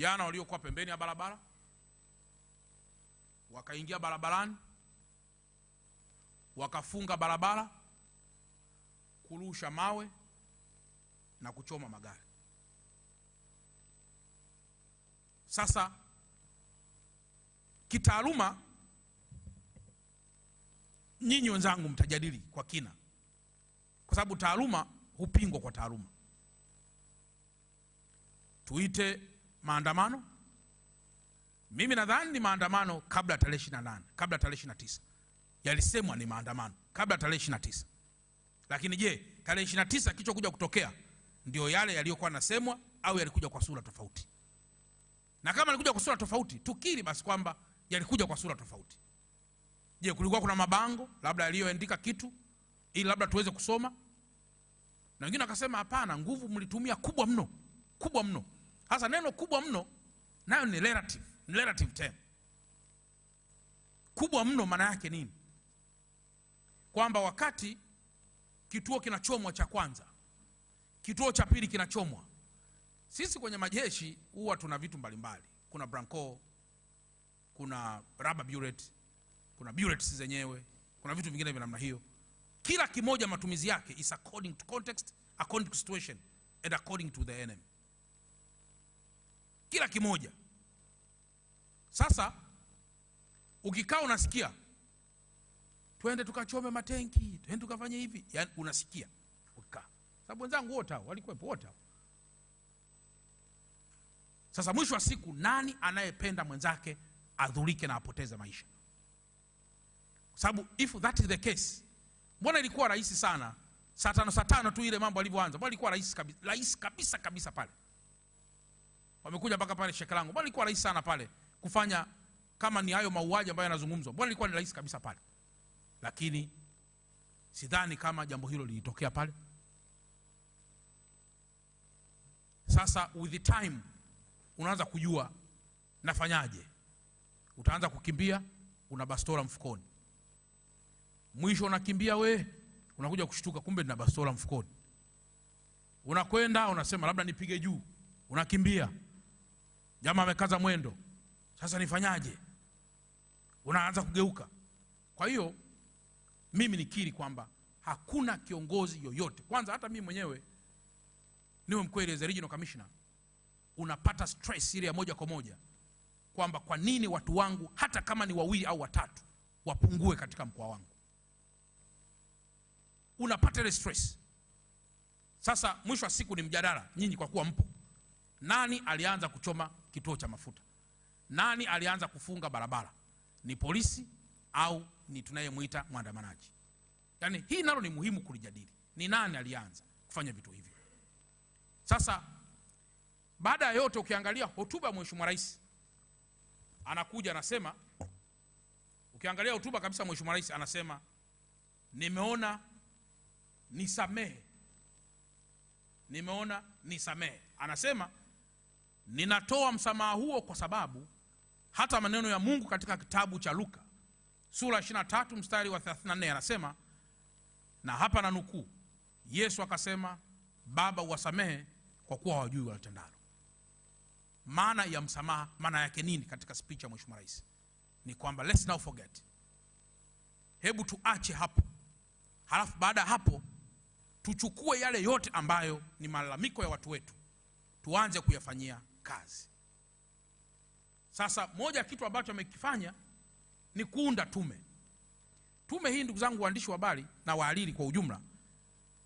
jana waliokuwa pembeni ya barabara wakaingia barabarani wakafunga barabara kurusha mawe na kuchoma magari. Sasa kitaaluma, nyinyi wenzangu mtajadili kwa kina, kwa sababu taaluma hupingwa kwa taaluma. Tuite maandamano. Mimi nadhani ni maandamano kabla tarehe na nane kabla tarehe ishirini na tisa yalisemwa ni maandamano kabla tarehe na tisa lakini je, tarehe na tisa kilichokuja kutokea ndio yale yaliyokuwa nasemwa au yalikuja kwa sura tofauti? Na kama yalikuja kwa sura tofauti, tukiri basi kwamba yalikuja kwa sura tofauti. Je, kulikuwa kuna mabango labda yaliyoandika kitu ili labda tuweze kusoma? Na wengine wakasema hapana, nguvu mlitumia kubwa mno, kubwa mno. Sasa neno kubwa mno nayo ni relative, ni relative term. Kubwa mno maana yake nini? Kwamba wakati kituo kinachomwa cha kwanza, kituo cha pili kinachomwa. Sisi kwenye majeshi huwa tuna vitu mbalimbali, kuna branco, kuna rubber bullet, kuna bullets zenyewe, kuna vitu vingine vya namna hiyo. Kila kimoja matumizi yake is according to context, according to situation and according to the enemy kila kimoja. Sasa ukikaa unasikia twende tukachome matenki, twende tukafanye hivi, yani unasikia ukikaa, sababu wenzangu wote hao walikuwepo, wote hao. Sasa mwisho wa siku, nani anayependa mwenzake adhurike na apoteze maisha? sababu if that is the case, mbona ilikuwa rahisi sana saa tano saa tano tu ile mambo alivyoanza, mbona ilikuwa rahisi kabisa, rahisi kabisa kabisa pale wamekuja mpaka pale shekelangu mbona ilikuwa rahisi sana pale kufanya kama ni hayo mauaji ambayo yanazungumzwa. mbona ilikuwa ni rahisi kabisa pale, lakini sidhani kama jambo hilo lilitokea pale. Sasa with the time unaanza kujua nafanyaje, utaanza kukimbia, una bastola mfukoni, mwisho unakimbia we, unakuja kushtuka, kumbe na bastola mfukoni. Unakwenda unasema labda nipige juu, unakimbia jamaa amekaza mwendo, sasa nifanyaje? Unaanza kugeuka. Kwa hiyo mimi nikiri kwamba hakuna kiongozi yoyote, kwanza hata mimi mwenyewe niwe mkweli, as regional commissioner unapata stress ile ya moja kwa moja kwamba kwa nini watu wangu hata kama ni wawili au watatu wapungue katika mkoa wangu, unapata ile stress. Sasa mwisho wa siku ni mjadala, nyinyi kwa kuwa mpo, nani alianza kuchoma kituo cha mafuta, nani alianza kufunga barabara? Ni polisi au ni tunayemwita mwandamanaji? Yaani hii nalo ni muhimu kulijadili, ni nani alianza kufanya vitu hivyo. Sasa baada ya yote, ukiangalia hotuba ya mheshimiwa rais, anakuja anasema, ukiangalia hotuba kabisa, mheshimiwa rais anasema nimeona nisamehe, nimeona nisamehe, anasema Ninatoa msamaha huo kwa sababu hata maneno ya Mungu katika kitabu cha Luka sura 23 mstari wa 34 anasema, na hapa na nukuu, Yesu akasema, Baba uwasamehe kwa kuwa hawajui walitendalo. Maana ya msamaha, maana yake nini katika speech ya Mheshimiwa Rais? Ni kwamba let's now forget. Hebu tuache hapo, halafu baada ya hapo tuchukue yale yote ambayo ni malalamiko ya watu wetu tuanze kuyafanyia kazi. Sasa moja ya kitu ambacho amekifanya ni kuunda tume. Tume hii, ndugu zangu waandishi wa habari na wahariri kwa ujumla,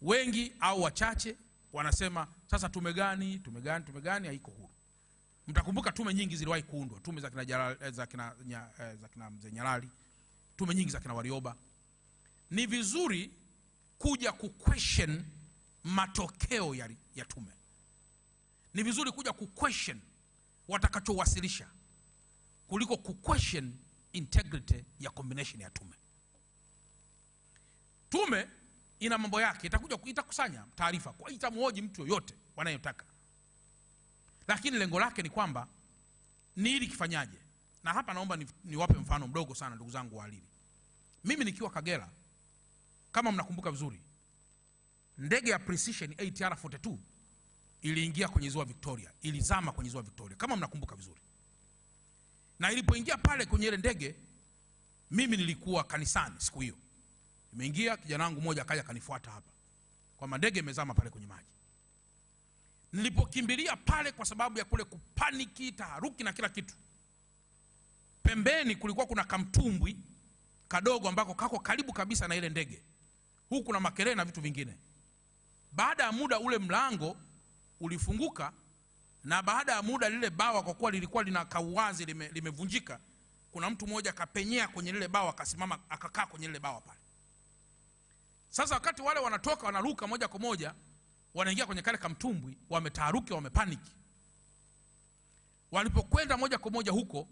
wengi au wachache wanasema sasa tume gani, tume gani, tume gani, haiko huru. Mtakumbuka tume nyingi ziliwahi kuundwa, tume za kina, eh, za kina, eh, za kina mzee Nyalali, tume nyingi za kina Warioba. Ni vizuri kuja ku question matokeo ya, ya tume ni vizuri kuja kuquestion watakachowasilisha kuliko kuquestion integrity ya combination ya tume. Tume ina mambo yake, itakuja itakusanya taarifa, itamhoji mtu yoyote wanayotaka, lakini lengo lake ni kwamba ni ili kifanyaje. Na hapa naomba niwape ni mfano mdogo sana, ndugu zangu waalili Mimi nikiwa Kagera, kama mnakumbuka vizuri, ndege ya Precision ATR 42 iliingia kwenye ziwa Victoria, ilizama kwenye ziwa Victoria kama mnakumbuka vizuri. Na ilipoingia pale kwenye ile ndege, mimi nilikuwa kanisani siku hiyo, imeingia Kijana wangu mmoja akaja akanifuata hapa kwamba ndege imezama pale kwenye maji. Nilipokimbilia pale, kwa sababu ya kule kupaniki, taharuki na kila kitu, pembeni kulikuwa kuna kamtumbwi kadogo ambako kako karibu kabisa na ile ndege, huku kuna makelele na vitu vingine. Baada ya muda ule mlango ulifunguka, na baada ya muda lile bawa kwa kuwa lilikuwa lina kauwazi limevunjika, lime kuna mtu mmoja akapenyea kwenye lile bawa akasimama akakaa kwenye lile bawa pale. Sasa wakati wale wanatoka wanaruka moja kwa moja wanaingia kwenye kale kamtumbwi, wametaharuki, wamepaniki. Walipokwenda moja kwa moja huko,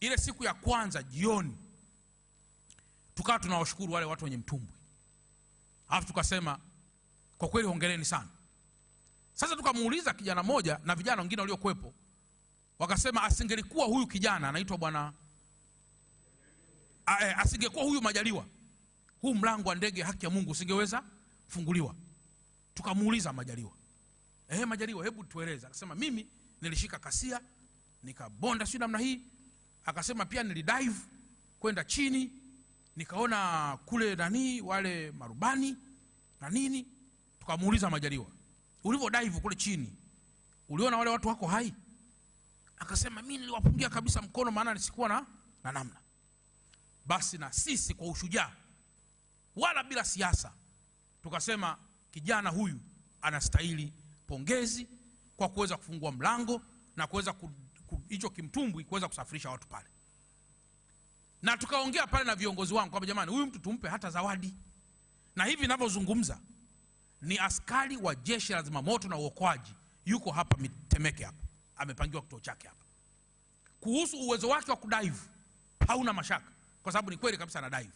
ile siku ya kwanza jioni, tukawa tunawashukuru wale watu wenye mtumbwi, alafu tukasema kwa kweli hongereni sana sasa tukamuuliza kijana moja na vijana wengine waliokuwepo, wakasema asingelikuwa huyu kijana anaitwa bwana eh, asingekuwa huyu Majaliwa, huu mlango wa ndege haki ya Mungu usingeweza funguliwa. Tukamuuliza Majaliwa, ehe, Majaliwa, hebu tueleze. Akasema mimi nilishika kasia nikabonda, sio namna hii. Akasema pia nilidive kwenda chini, nikaona kule nani wale marubani na nini. Tukamuuliza Majaliwa ulivyodaivu kule chini, uliona wale watu wako hai? Akasema mimi niliwapungia kabisa mkono, maana nisikuwa na, na namna. Basi na sisi kwa ushujaa wala bila siasa tukasema kijana huyu anastahili pongezi kwa kuweza kufungua mlango na kuweza hicho kimtumbwi kuweza kusafirisha watu pale, na tukaongea pale na viongozi wangu kwamba jamani, huyu mtu tumpe hata zawadi, na hivi ninavyozungumza ni askari wa jeshi la zimamoto na uokoaji, yuko hapa Temeke hapa, amepangiwa kituo chake hapa. Kuhusu uwezo wake wa kudive hauna mashaka, kwa sababu ni kweli kabisa dive.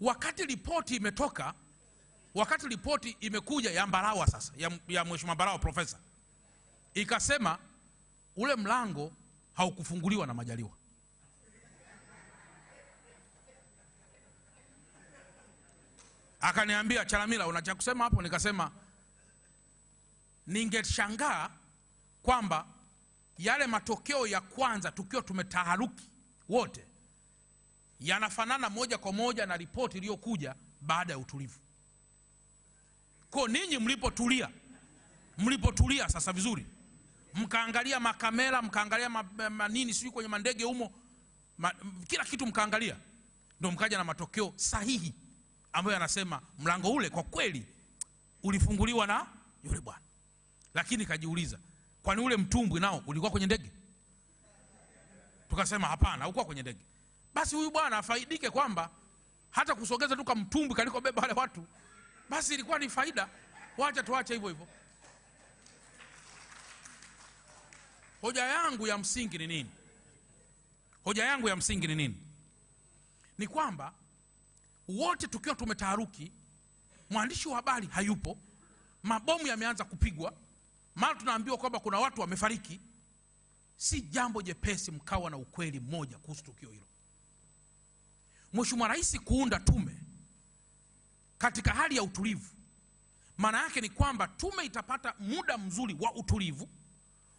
Wakati ripoti imetoka, wakati ripoti imekuja ya Mbarawa sasa ya, ya mheshimiwa Mbarawa profesa, ikasema ule mlango haukufunguliwa na Majaliwa. Akaniambia, Chalamila, una cha kusema hapo? Nikasema ningeshangaa kwamba yale matokeo ya kwanza tukiwa tumetaharuki wote yanafanana moja kwa moja na ripoti iliyokuja baada ya utulivu. Kwa ninyi mlipotulia, mlipotulia sasa vizuri, mkaangalia makamera, mkaangalia manini, sijui kwenye mandege humo ma, kila kitu mkaangalia, ndo mkaja na matokeo sahihi ambayo anasema mlango ule kwa kweli ulifunguliwa na yule bwana, lakini kajiuliza, kwani ule mtumbwi nao ulikuwa kwenye ndege? Tukasema hapana, haukuwa kwenye ndege. Basi huyu bwana afaidike kwamba hata kusogeza tu mtumbwi kalikobeba wale watu, basi ilikuwa ni faida. Wacha tuache hivyo hivyo. Hoja yangu ya msingi ni nini? Hoja yangu ya msingi ni nini? Ni kwamba wote tukiwa tumetaharuki, mwandishi wa habari hayupo, mabomu yameanza kupigwa, mara tunaambiwa kwamba kuna watu wamefariki. Si jambo jepesi mkawa na ukweli mmoja kuhusu tukio hilo. Mheshimiwa Rais kuunda tume katika hali ya utulivu, maana yake ni kwamba tume itapata muda mzuri wa utulivu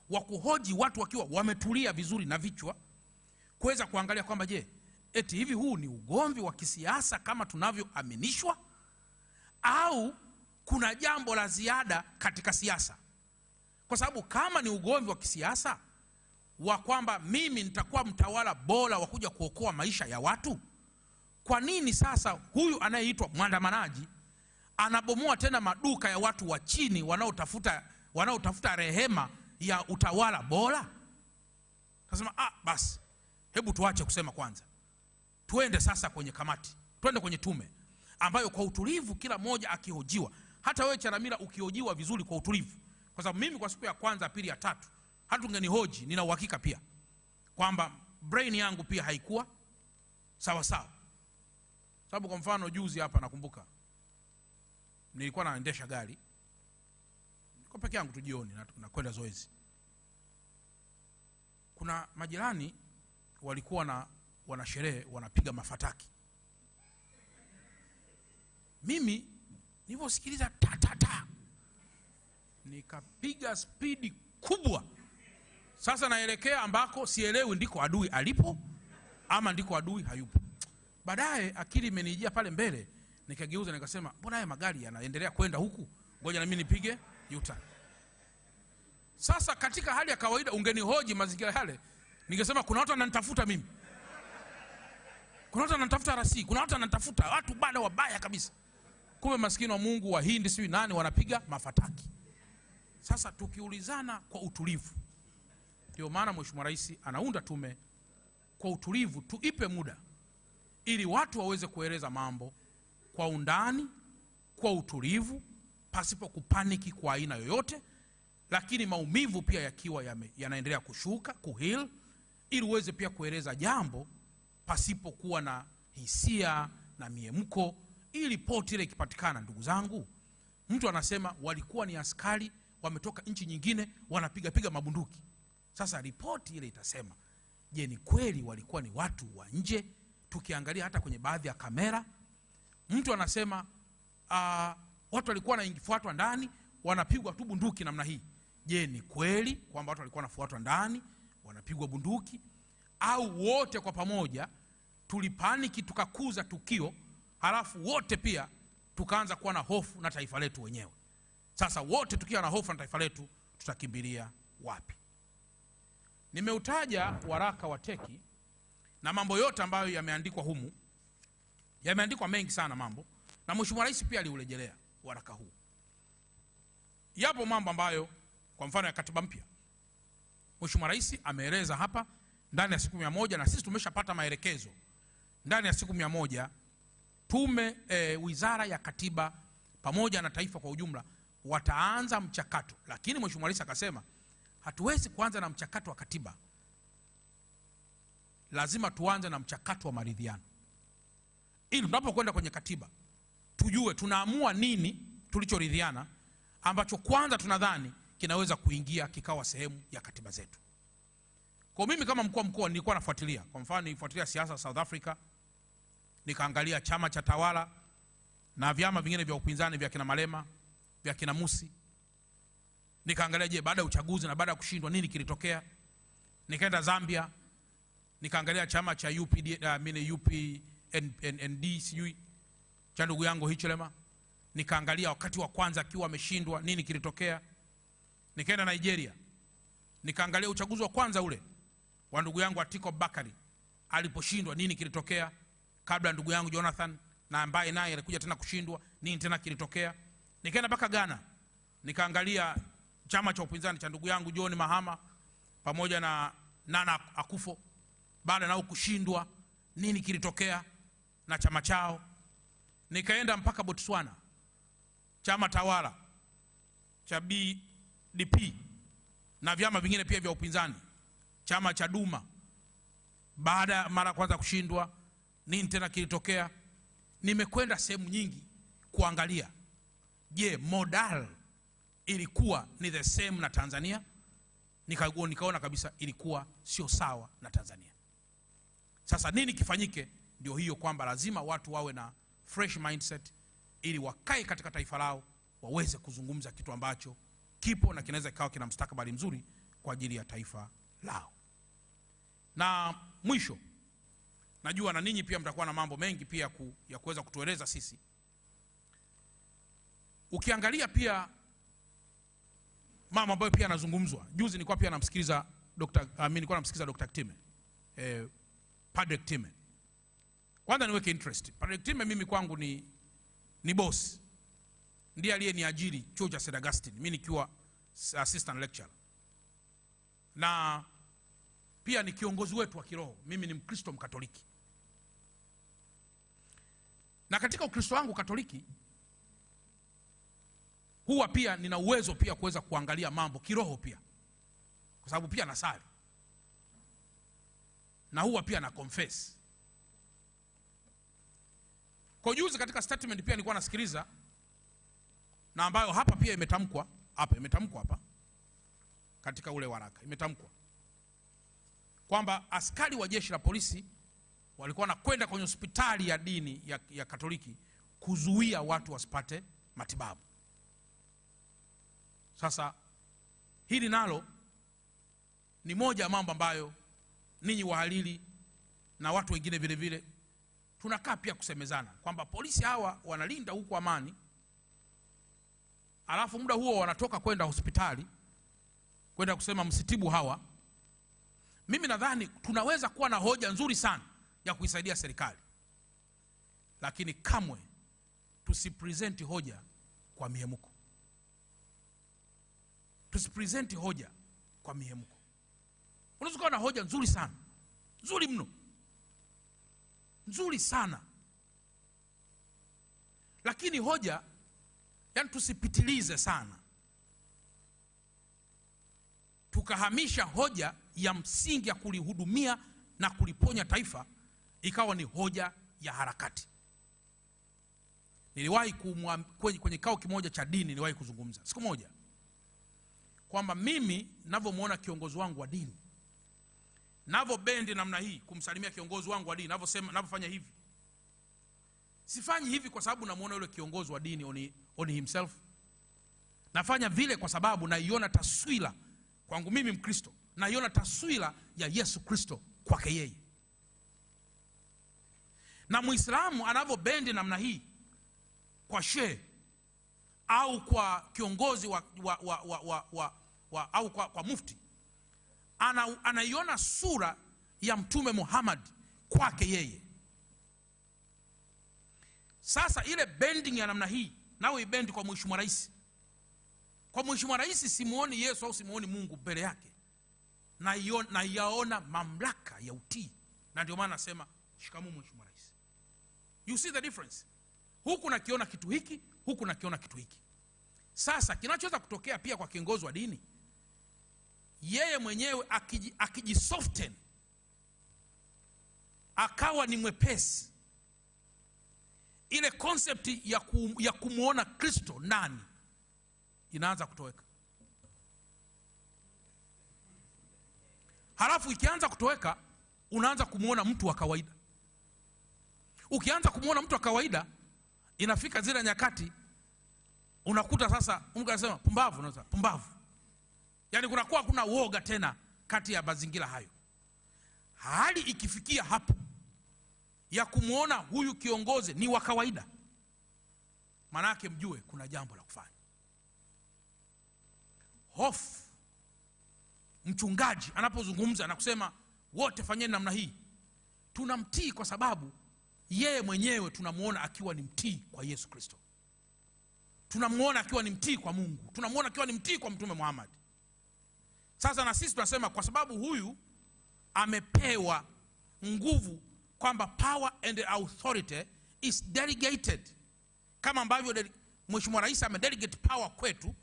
wa kuhoji watu wakiwa wametulia vizuri na vichwa, kuweza kuangalia kwamba je, Eti hivi huu ni ugomvi wa kisiasa kama tunavyoaminishwa, au kuna jambo la ziada katika siasa? Kwa sababu kama ni ugomvi wa kisiasa wa kwamba mimi nitakuwa mtawala bora wa kuja kuokoa maisha ya watu, kwa nini sasa huyu anayeitwa mwandamanaji anabomoa tena maduka ya watu wa chini wanaotafuta wanaotafuta rehema ya utawala bora? Nasema ah, basi hebu tuache kusema kwanza tuende sasa kwenye kamati, twende kwenye tume ambayo kwa utulivu kila mmoja akihojiwa. Hata wewe Chalamila ukihojiwa vizuri kwa utulivu, kwa sababu mimi kwa siku ya kwanza, pili, ya tatu hata ungenihoji, nina uhakika pia kwamba brain yangu pia haikuwa sawa sawa. Sababu kwa mfano juzi hapa nakumbuka nilikuwa naendesha gari, niko peke yangu tu jioni, nakwenda zoezi. Kuna majirani walikuwa na wanasherehe wanapiga mafataki. Mimi nilivyosikiliza tatata, nikapiga spidi kubwa. Sasa naelekea ambako sielewi ndiko adui alipo ama ndiko adui hayupo. Baadaye akili imenijia pale mbele, nikageuza nikasema, mbona haya magari yanaendelea kwenda huku, ngoja na mimi nipige yuta. Sasa katika hali ya kawaida, ungenihoji mazingira yale, ningesema kuna watu wananitafuta mimi kuna watu wanatafuta rasi, kuna watu wanatafuta watu bado wabaya kabisa. Kumbe maskini wa Mungu wa Hindi sijui nani wanapiga mafataki. Sasa tukiulizana kwa utulivu, ndio maana Mheshimiwa Rais anaunda tume kwa utulivu, tuipe muda ili watu waweze kueleza mambo kwa undani, kwa utulivu, pasipo kupaniki kwa aina yoyote, lakini maumivu pia yakiwa yanaendelea kushuka kuhil, ili uweze pia kueleza jambo pasipokuwa na hisia na miemko. Hii ripoti ile ikipatikana, ndugu zangu, mtu anasema walikuwa ni askari wametoka nchi nyingine wanapiga piga mabunduki. Sasa ripoti ile itasema, je, ni kweli walikuwa ni watu wa nje? Tukiangalia hata kwenye baadhi ya kamera, mtu anasema uh, watu walikuwa wanafuatwa ndani wanapigwa tu bunduki namna hii. Je, ni kweli kwamba watu walikuwa wanafuatwa ndani wanapigwa bunduki, au wote kwa pamoja tulipaniki tukakuza tukio, halafu wote pia tukaanza kuwa na hofu na taifa letu wenyewe. Sasa wote tukiwa na hofu na taifa letu, tutakimbilia wapi? Nimeutaja waraka wa teki na mambo yote ambayo yameandikwa humu, yameandikwa mengi sana mambo, na Mheshimiwa Rais pia aliurejelea waraka huu. Yapo mambo ambayo kwa mfano ya katiba mpya Mheshimiwa Rais ameeleza hapa ndani ya siku mia moja na sisi tumeshapata maelekezo ndani ya siku mia moja tume e, wizara ya katiba pamoja na taifa kwa ujumla wataanza mchakato, lakini mheshimiwa rais akasema hatuwezi kuanza na mchakato wa katiba, lazima tuanze na mchakato wa maridhiano, ili tunapokwenda kwenye katiba tujue tunaamua nini tulichoridhiana, ambacho kwanza tunadhani kinaweza kuingia kikawa sehemu ya katiba zetu. Kwa mimi kama mkuu wa mkoa nilikuwa nafuatilia, kwa mfano nilifuatilia siasa South Africa nikaangalia chama cha tawala na vyama vingine vya upinzani vya kina Malema vya kina Musi, nikaangalia je, baada ya uchaguzi na baada ya kushindwa nini kilitokea. Nikaenda Zambia nikaangalia chama cha UPD, uh, ah, mini UPND sijui cha ndugu yangu Hichilema, nikaangalia wakati wa kwanza akiwa ameshindwa nini kilitokea. Nikaenda Nigeria nikaangalia uchaguzi wa kwanza ule wa ndugu yangu Atiko Bakari aliposhindwa nini kilitokea kabla ndugu yangu Jonathan na ambaye naye alikuja tena kushindwa. Nini tena kilitokea? Nikaenda mpaka Ghana nikaangalia chama cha upinzani cha ndugu yangu John Mahama pamoja na Nana Akufo, baada nao kushindwa, nini kilitokea na chama chao. Nikaenda mpaka Botswana, chama tawala cha BDP na vyama vingine pia vya upinzani, chama cha Duma, baada mara ya kwanza kushindwa nini tena kilitokea? Nimekwenda sehemu nyingi kuangalia, je, modal ilikuwa ni the same na Tanzania? Nikagua, nikaona kabisa ilikuwa sio sawa na Tanzania. Sasa nini kifanyike? Ndio hiyo kwamba lazima watu wawe na fresh mindset ili wakae katika taifa lao waweze kuzungumza kitu ambacho kipo na kinaweza kikawa kina mstakabali mzuri kwa ajili ya taifa lao. Na mwisho najua na ninyi pia mtakuwa na mambo mengi pia ku, ya kuweza kutueleza sisi. Ukiangalia pia mama ambayo pia anazungumzwa juzi, nilikuwa pia namsikiliza Dr. uh, ah, mimi nilikuwa namsikiliza Dr. Kitime eh, Padre Kitime. Kwanza niweke interest, Padre Kitime mimi kwangu ni ni boss, ndiye aliyeniajiri chuo cha St. Augustine mimi nikiwa assistant lecturer na pia ni kiongozi wetu wa kiroho. Mimi ni Mkristo Mkatoliki, na katika Ukristo wangu Katoliki huwa pia nina uwezo pia kuweza kuangalia mambo kiroho pia, kwa sababu pia nasali na huwa pia na confess. Kwa juzi katika statement pia nilikuwa nasikiliza na ambayo hapa pia imetamkwa hapa, imetamkwa hapa katika ule waraka imetamkwa kwamba askari wa jeshi la polisi walikuwa wanakwenda kwenye hospitali ya dini ya, ya Katoliki kuzuia watu wasipate matibabu. Sasa hili nalo ni moja ya mambo ambayo ninyi wahalili na watu wengine vile vile tunakaa pia kusemezana kwamba polisi hawa wanalinda huku amani, alafu muda huo wanatoka kwenda hospitali kwenda kusema msitibu hawa. Mimi nadhani tunaweza kuwa na hoja nzuri sana ya kuisaidia serikali, lakini kamwe tusipresenti hoja kwa mihemko, tusipresenti hoja kwa mihemko. Unaweza kuwa na hoja nzuri sana, nzuri mno, nzuri sana, lakini hoja yani, tusipitilize sana, tukahamisha hoja ya msingi ya kulihudumia na kuliponya taifa ikawa ni hoja ya harakati. Niliwahi kwenye kikao kimoja cha dini, niliwahi kuzungumza siku moja kwamba mimi navyomwona kiongozi wangu wa dini navyobendi namna hii kumsalimia kiongozi wangu wa dini, navyosema navyofanya hivi, sifanyi hivi kwa sababu namwona yule kiongozi wa dini oni, on himself. Nafanya vile kwa sababu naiona taswira kwangu mimi Mkristo, naiona taswira ya Yesu Kristo kwake yeye na mwislamu anavyobendi namna hii kwa shehe au kwa kiongozi wa, wa, wa, wa, wa, wa, wa, au kwa, kwa mufti ana, anaiona sura ya mtume Muhammad kwake yeye. Sasa ile bending ya namna hii nawe ibendi kwa mheshimiwa rais. Kwa mheshimiwa rais simuoni Yesu au simuoni Mungu mbele yake, naiyaona mamlaka ya utii, na ndio maana nasema shikamoo mheshimiwa you see the difference huku nakiona kitu hiki huku nakiona kitu hiki sasa kinachoweza kutokea pia kwa kiongozi wa dini yeye mwenyewe akijisoften akiji akawa ni mwepesi ile konsepti ya, ku, ya kumwona kristo nani inaanza kutoweka halafu ikianza kutoweka unaanza kumwona mtu wa kawaida Ukianza kumwona mtu wa kawaida, inafika zile nyakati unakuta sasa mungu anasema pumbavu, unasema pumbavu. Yani kunakuwa kuna uoga tena kati ya mazingira hayo. Hali ikifikia hapo ya kumwona huyu kiongozi ni wa kawaida, manake mjue kuna jambo la kufanya. Hofu mchungaji anapozungumza na kusema wote fanyeni namna hii, tunamtii kwa sababu yeye mwenyewe tunamwona akiwa ni mtii kwa yesu kristo tunamwona akiwa ni mtii kwa mungu tunamwona akiwa ni mtii kwa mtume muhammad sasa na sisi tunasema kwa sababu huyu amepewa nguvu kwamba power and authority is delegated kama ambavyo mheshimiwa rais amedelegate power kwetu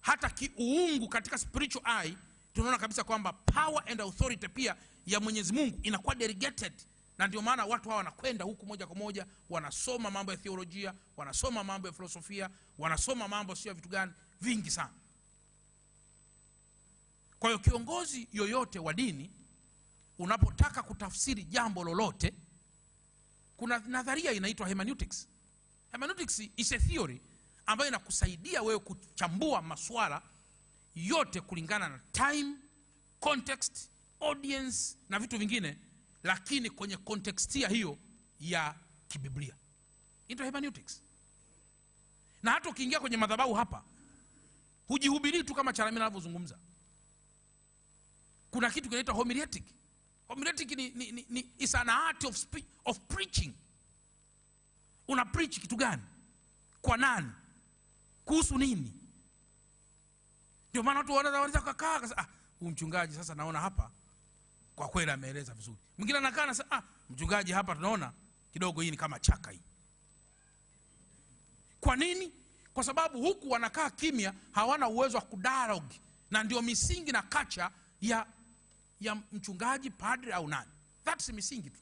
hata kiuungu katika spiritual eye tunaona kabisa kwamba power and authority pia ya mwenyezi mungu inakuwa delegated na ndio maana watu hawa wanakwenda huku moja kwa moja wanasoma mambo ya theolojia wanasoma mambo ya filosofia wanasoma mambo sio ya vitu gani vingi sana kwa hiyo kiongozi yoyote wa dini unapotaka kutafsiri jambo lolote kuna nadharia inaitwa hermeneutics hermeneutics is a theory ambayo inakusaidia wewe kuchambua masuala yote kulingana na time context audience na vitu vingine lakini kwenye kontekstia hiyo ya kibiblia into hermeneutics na hata ukiingia kwenye madhabahu hapa hujihubirii tu kama charamira anavyozungumza kuna kitu kinaitwa homiletic homiletic ni, ni, ni, ni is an art of, speech, of preaching una preach kitu gani kwa nani kuhusu nini ndio maana watu wanaweza kukaa ah, mchungaji sasa naona hapa kwa kweli ameeleza vizuri. Mwingine anakaa na ah, mchungaji, hapa tunaona kidogo hii ni kama chaka hii. Kwa nini? Kwa sababu huku wanakaa kimya, hawana uwezo wa kudialogue, na ndio misingi na kacha ya ya mchungaji, padre au nani. That's misingi tu.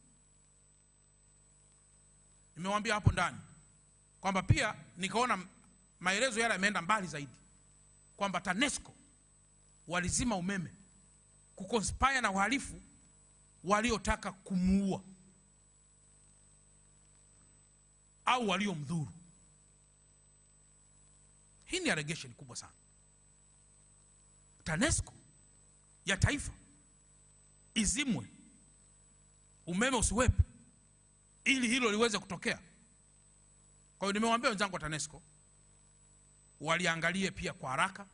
Nimewambia hapo ndani kwamba pia nikaona maelezo yale yameenda mbali zaidi kwamba TANESCO walizima umeme kukonspaya na wahalifu waliotaka kumuua au waliomdhuru. Hii ni allegation kubwa sana. TANESCO ya taifa izimwe, umeme usiwepo ili hilo liweze kutokea. Kwa hiyo nimewaambia wenzangu wa TANESCO waliangalie pia kwa haraka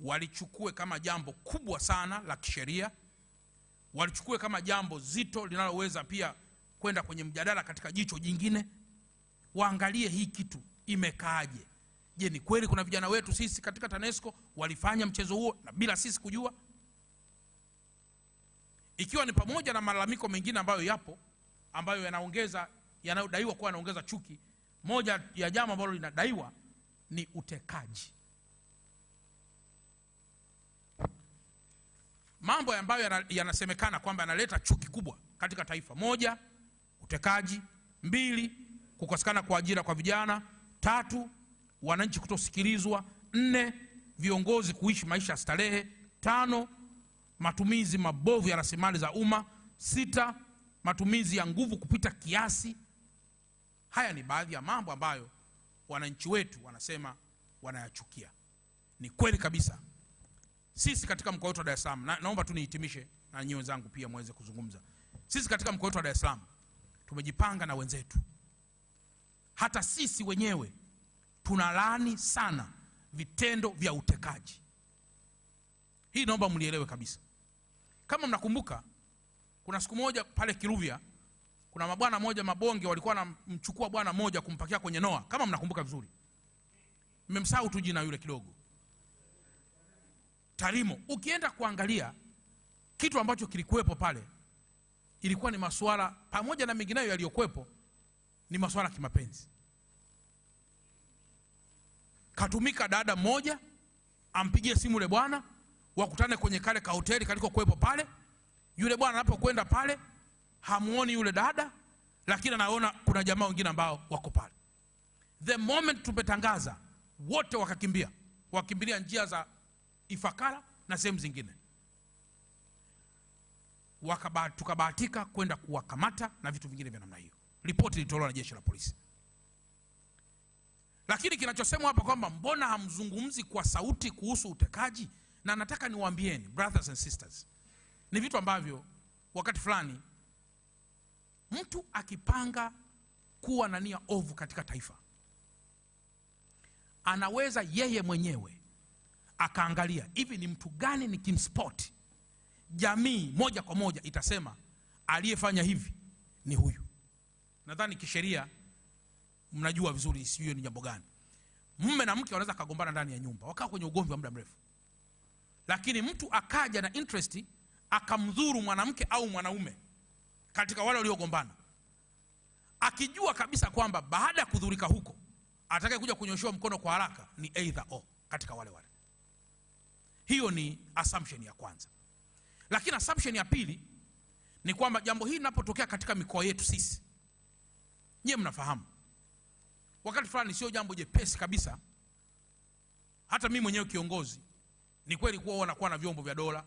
walichukue kama jambo kubwa sana la kisheria, walichukue kama jambo zito linaloweza pia kwenda kwenye mjadala katika jicho jingine. Waangalie hii kitu imekaaje. Je, ni kweli kuna vijana wetu sisi katika TANESCO walifanya mchezo huo na bila sisi kujua, ikiwa ni pamoja na malalamiko mengine ambayo yapo ambayo yanaongeza yanayodaiwa kuwa yanaongeza chuki. Moja ya jambo ambalo linadaiwa ni utekaji. mambo ambayo yanasemekana kwamba yanaleta chuki kubwa katika taifa: moja, utekaji; mbili, kukosekana kwa ajira kwa vijana; tatu, wananchi kutosikilizwa; nne, viongozi kuishi maisha ya starehe; tano, matumizi mabovu ya rasilimali za umma; sita, matumizi ya nguvu kupita kiasi. Haya ni baadhi ya mambo ambayo wananchi wetu wanasema wanayachukia. Ni kweli kabisa sisi katika mkoa wetu wa Dar es Salaam na, naomba tu nihitimishe na nyinyi wenzangu pia muweze kuzungumza. Sisi katika mkoa wetu wa Dar es Salaam tumejipanga na wenzetu, hata sisi wenyewe tunalani sana vitendo vya utekaji. Hii naomba mlielewe kabisa. Kama mnakumbuka, kuna siku moja pale Kiruvya kuna mabwana moja mabonge walikuwa wanamchukua bwana moja kumpakia kwenye noa, kama mnakumbuka vizuri. Mmemsahau tu jina yule kidogo Tarimo. Ukienda kuangalia kitu ambacho kilikuwepo pale, ilikuwa ni masuala pamoja na mengineyo yaliyokuwepo, ni masuala kimapenzi. Katumika dada mmoja, ampigie simu yule bwana, wakutane kwenye kale ka hoteli kalikokuwepo pale. Yule bwana anapokwenda pale, hamuoni yule dada, lakini anaona kuna jamaa wengine ambao wako pale. The moment tumetangaza, wote wakakimbia, wakimbilia njia za Ifakara na sehemu zingine. Tukabahatika kwenda kuwakamata na vitu vingine vya namna hiyo. Ripoti ilitolewa na jeshi la polisi, lakini kinachosemwa hapa kwamba mbona hamzungumzi kwa sauti kuhusu utekaji? Na nataka niwaambieni brothers and sisters, ni vitu ambavyo wakati fulani mtu akipanga kuwa na nia ovu katika taifa anaweza yeye mwenyewe akaangalia hivi ni mtu gani ni kimspot jamii moja kwa moja itasema aliyefanya hivi ni huyu. Nadhani kisheria mnajua vizuri, sijui ni jambo gani. Mume na mke wanaweza kagombana ndani ya nyumba wakawa kwenye ugomvi wa muda mrefu, lakini mtu akaja na interest akamdhuru mwanamke au mwanaume katika wale waliogombana, akijua kabisa kwamba baada ya kudhurika huko atakaye kuja kunyoshewa mkono kwa haraka ni either o katika wale wale hiyo ni assumption ya kwanza, lakini assumption ya pili ni kwamba jambo hili linapotokea katika mikoa yetu sisi, nyie mnafahamu wakati fulani sio jambo jepesi kabisa. Hata mimi mwenyewe kiongozi, ni kweli kuwa wanakuwa na vyombo vya dola,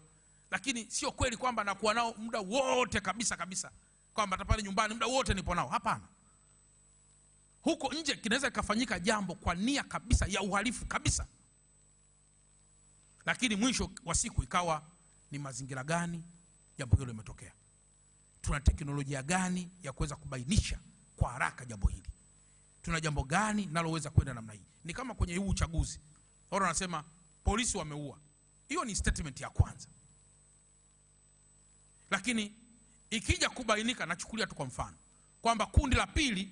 lakini sio kweli kwamba nakuwa nao muda wote kabisa kabisa, kwamba hata pale nyumbani muda wote nipo nao. Hapana, huko nje kinaweza kikafanyika jambo kwa nia kabisa ya uhalifu kabisa lakini mwisho wa siku ikawa ni mazingira gani jambo hilo limetokea, tuna teknolojia gani ya kuweza kubainisha kwa haraka jambo hili, tuna jambo gani linaloweza kwenda namna hii. Ni kama kwenye huu uchaguzi, wao wanasema polisi wameua. Hiyo ni statement ya kwanza, lakini ikija kubainika, nachukulia tu kwa mfano kwamba kundi la pili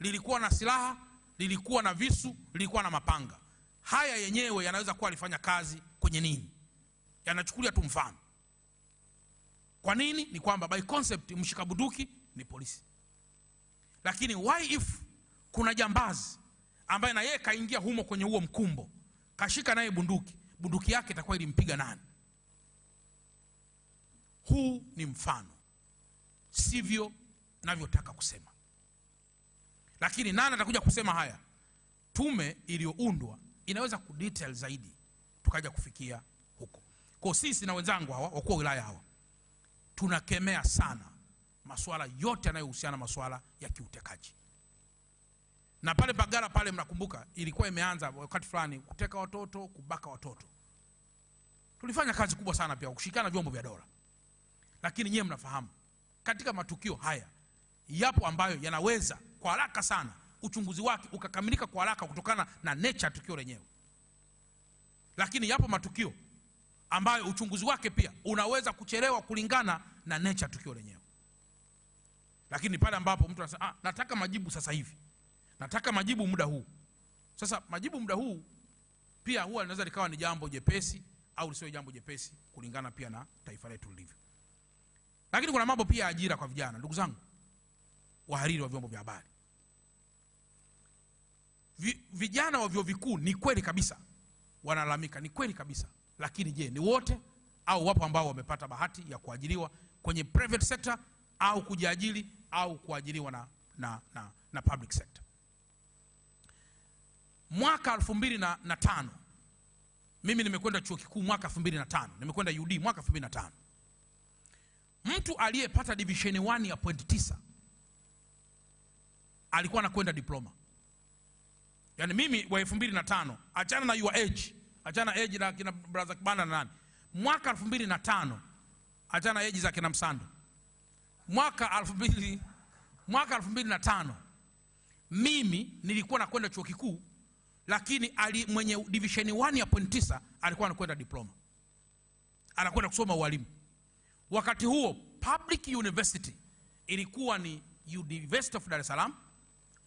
lilikuwa na silaha, lilikuwa na visu, lilikuwa na mapanga haya yenyewe yanaweza kuwa alifanya kazi kwenye nini yanachukulia tu mfano kwa nini ni kwamba by concept mshika bunduki ni polisi lakini why if kuna jambazi ambaye na yeye kaingia humo kwenye huo mkumbo kashika naye bunduki bunduki yake itakuwa ilimpiga nani huu ni mfano sivyo navyotaka kusema lakini nani atakuja kusema haya tume iliyoundwa inaweza kudetail zaidi tukaja kufikia huko Kwa Sisi na wenzangu hawa wakuu wa wilaya hawa tunakemea sana masuala yote yanayohusiana masuala ya kiutekaji na pale Pagara pale, mnakumbuka ilikuwa imeanza wakati fulani kuteka watoto, kubaka watoto. Tulifanya kazi kubwa sana pia kushikana vyombo vya dola, lakini nyie mnafahamu katika matukio haya yapo ambayo yanaweza kwa haraka sana uchunguzi wake ukakamilika kwa haraka kutokana na nature tukio lenyewe. Lakini yapo matukio ambayo uchunguzi wake pia unaweza kuchelewa kulingana na nature tukio lenyewe. Lakini pale ambapo mtu anasema ah, nataka majibu sasa hivi, nataka majibu muda huu. Sasa majibu muda huu pia huwa linaweza likawa ni jambo jepesi au lisio jambo jepesi, kulingana pia na taifa letu lilivyo. Lakini kuna mambo pia ya ajira kwa vijana. Ndugu zangu wahariri wa vyombo vya habari vijana wa vyuo vikuu ni kweli kabisa wanalalamika, ni kweli kabisa, lakini je, ni wote au wapo ambao wamepata bahati ya kuajiriwa kwenye private sector au kujiajiri au kuajiriwa na, na, na, na public sector? Mwaka elfu mbili na, na tano mimi nimekwenda chuo kikuu mwaka elfu mbili na tano nimekwenda UD mwaka elfu mbili na tano mtu aliyepata division 1 ya point 9 alikuwa anakwenda diploma yani mimi wa 2005, achana na your age, achana age na kina brother Kibanda na nani. Mwaka 2005, achana age za kina Msando. Mwaka 2000, mwaka 2005 mimi nilikuwa nakwenda chuo kikuu, lakini ali mwenye division 1 ya point 9 alikuwa anakwenda diploma, anakwenda kusoma ualimu. Wakati huo public university ilikuwa ni University of Dar es Salaam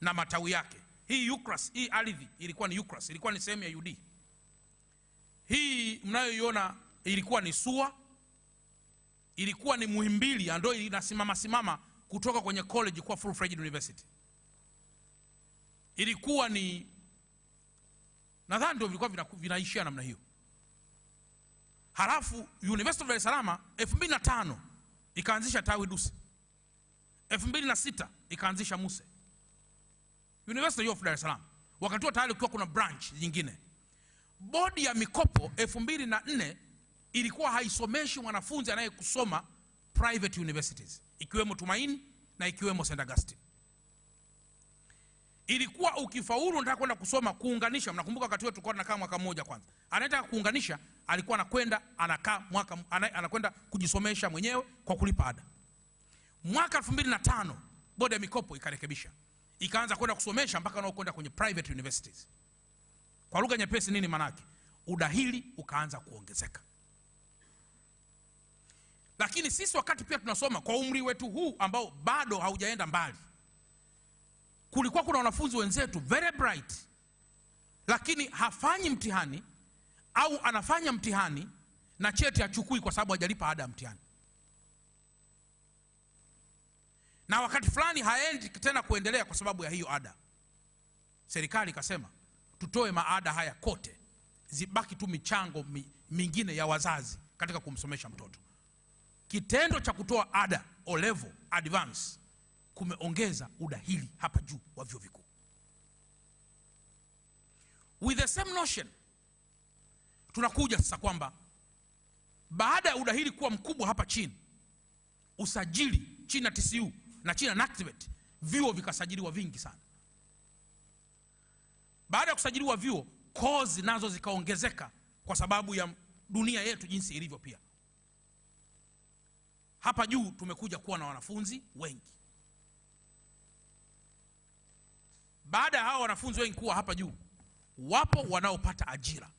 na matawi yake hii ukras hii ardhi ilikuwa ni ukras ilikuwa ni sehemu ya yud Hii mnayoiona ilikuwa ni Sua, ilikuwa ni Muhimbili ando inasimama simama kutoka kwenye college kuwa full university. Ilikuwa ni nadhani ndio vilikuwa vina, vinaishia namna hiyo. Halafu University of Dar mbili na tano ikaanzisha elfu mbili na sita ikaanzisha Muse University of Dar es Salaam, wakati huo tayari kulikuwa kuna branch nyingine. Bodi ya mikopo elfu mbili na nne ilikuwa haisomeshi mwanafunzi anayekusoma private universities ikiwemo Tumaini na ikiwemo St. Augustine. Ilikuwa ukifaulu unataka kwenda kusoma kuunganisha, mnakumbuka wakati huo tulikuwa tunakaa mwaka mmoja kwanza. Anataka kuunganisha alikuwa anakwenda anakaa mwaka anakwenda kujisomesha mwenyewe kwa kulipa ada. Mwaka 2005 bodi ya mikopo ikarekebisha ikaanza kwenda kusomesha mpaka wanaokwenda kwenye private universities. Kwa lugha nyepesi, nini maanake? Udahili ukaanza kuongezeka. Lakini sisi wakati pia tunasoma kwa umri wetu huu ambao bado haujaenda mbali, kulikuwa kuna wanafunzi wenzetu very bright, lakini hafanyi mtihani au anafanya mtihani na cheti achukui kwa sababu hajalipa ada ya mtihani. na wakati fulani haendi tena kuendelea kwa sababu ya hiyo ada. Serikali ikasema tutoe maada haya kote, zibaki tu michango mingine ya wazazi katika kumsomesha mtoto. Kitendo cha kutoa ada o level advance kumeongeza udahili hapa juu wa vyuo vikuu. With the same notion, tunakuja sasa kwamba baada ya udahili kuwa mkubwa hapa chini, usajili chini ya TCU na China NACTVET, vyuo vikasajiliwa vingi sana. Baada ya kusajiliwa vyuo, kozi nazo zikaongezeka kwa sababu ya dunia yetu jinsi ilivyo. Pia hapa juu tumekuja kuwa na wanafunzi wengi. Baada ya hao wanafunzi wengi kuwa hapa juu, wapo wanaopata ajira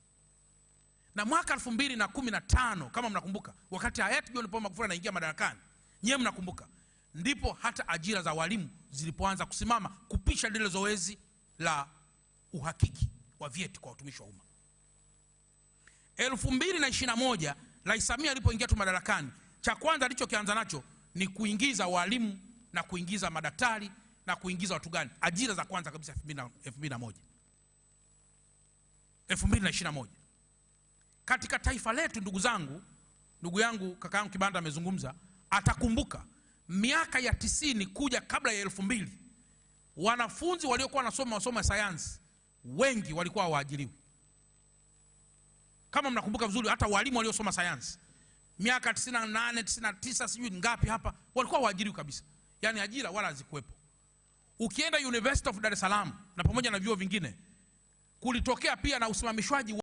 na mwaka elfu mbili na kumi na tano kama mnakumbuka, wakati hayati John Pombe Magufuli anaingia madarakani, nyewe mnakumbuka, ndipo hata ajira za walimu zilipoanza kusimama kupisha lile zoezi la uhakiki wa vyeti kwa watumishi wa umma. elfu mbili na ishirini na moja Rais Samia alipoingia tu madarakani, cha kwanza alichokianza nacho ni kuingiza walimu na kuingiza madaktari na kuingiza watu gani, ajira za kwanza kabisa elfu mbili na moja elfu mbili na ishirini na moja katika taifa letu. Ndugu zangu, ndugu yangu, kaka yangu Kibanda amezungumza, atakumbuka miaka ya tisini kuja kabla ya elfu mbili wanafunzi waliokuwa wanasoma masomo ya sayansi wengi walikuwa hawaajiriwi. Kama mnakumbuka vizuri, hata walimu waliosoma sayansi miaka 98 99 sijui ngapi hapa walikuwa hawaajiriwi kabisa, yaani ajira wala hazikuwepo. Ukienda University of Dar es Salaam na pamoja na vyuo vingine kulitokea pia na usimamishwaji